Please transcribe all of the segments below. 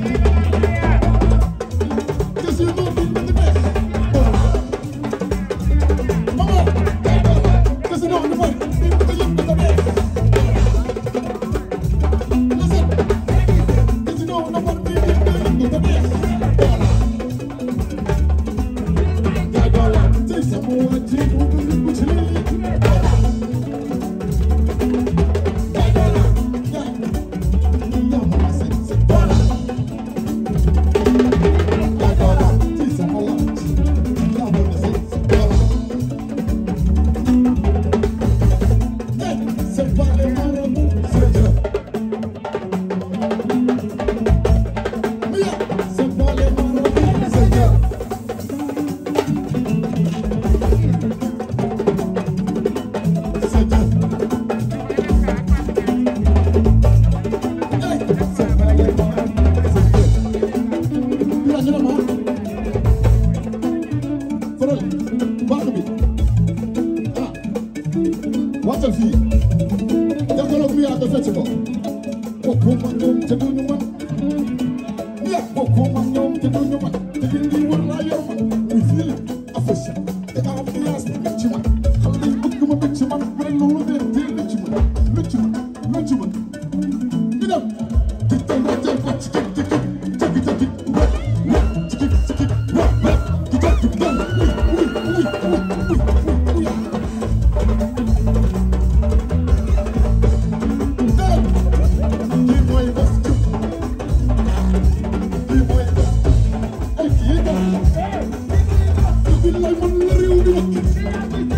Thank you. çıkmak ben onu der der ne çıkmak ne çıkmak ne çıkmak gidelim gittim gittim kaç git git git git git git Like one little bit.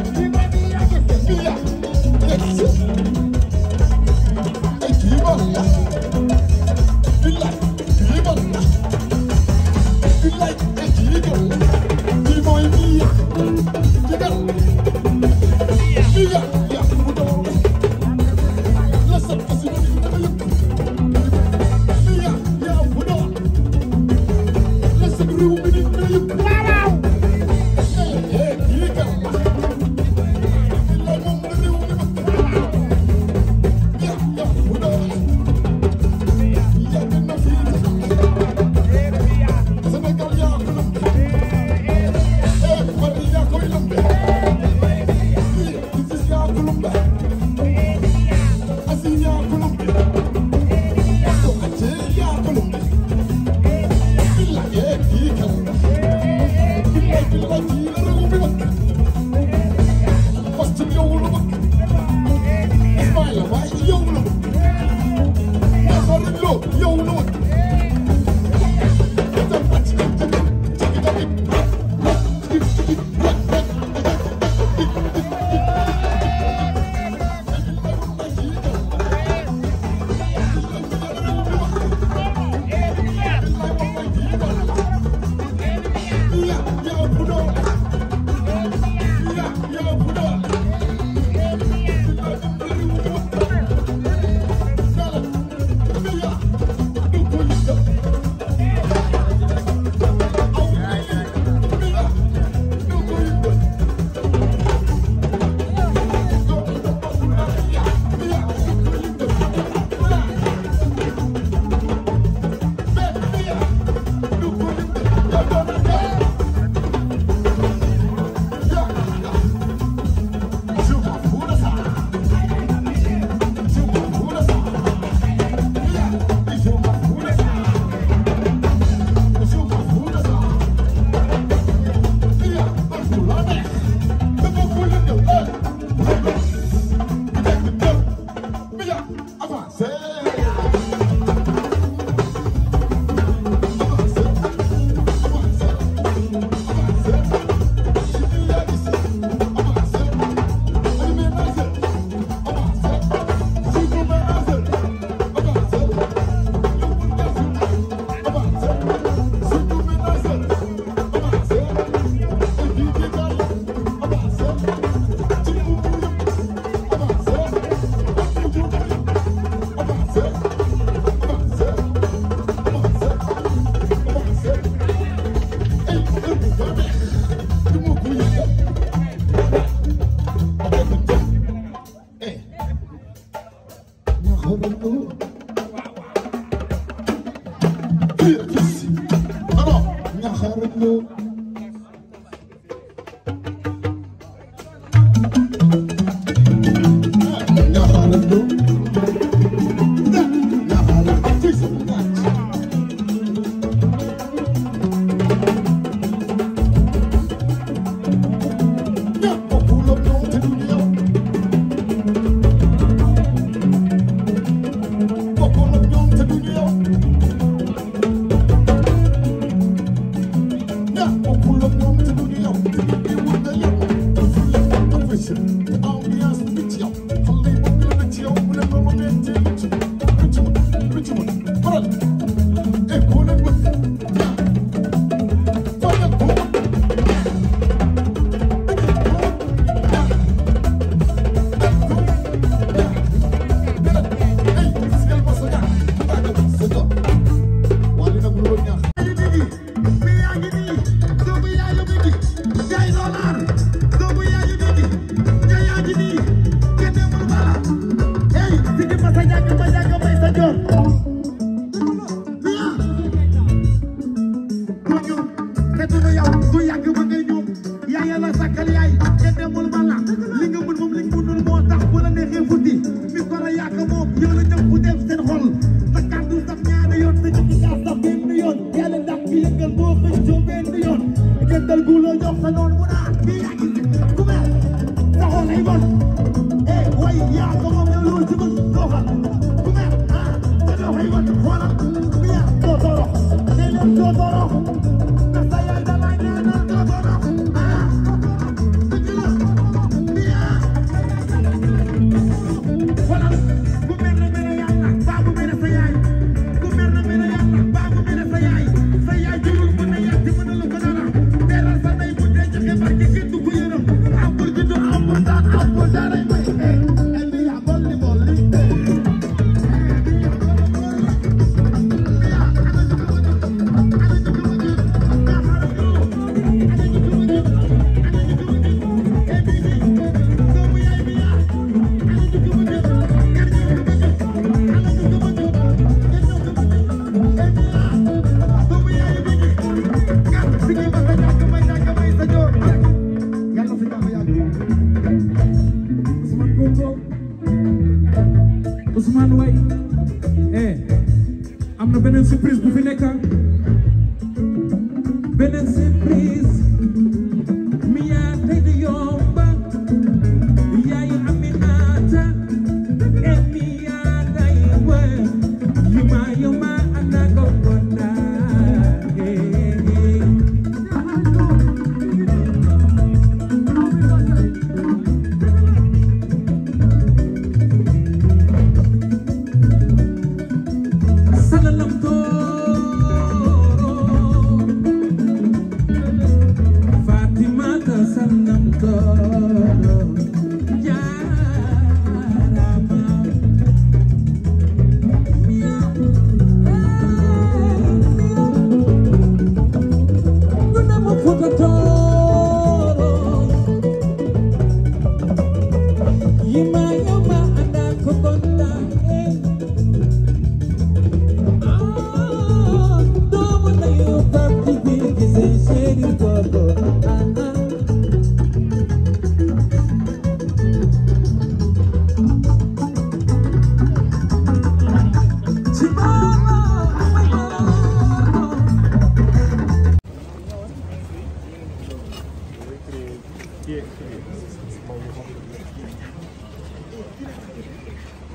Diarra Lo neexee buddi beneen surprise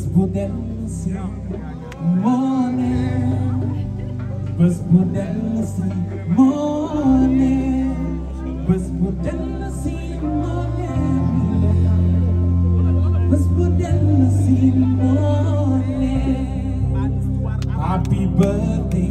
bés bu dellu si moo ne bés bu dellu si moo ne bés bu dellu si moo ne bés bu dellu si moo ne happy birthday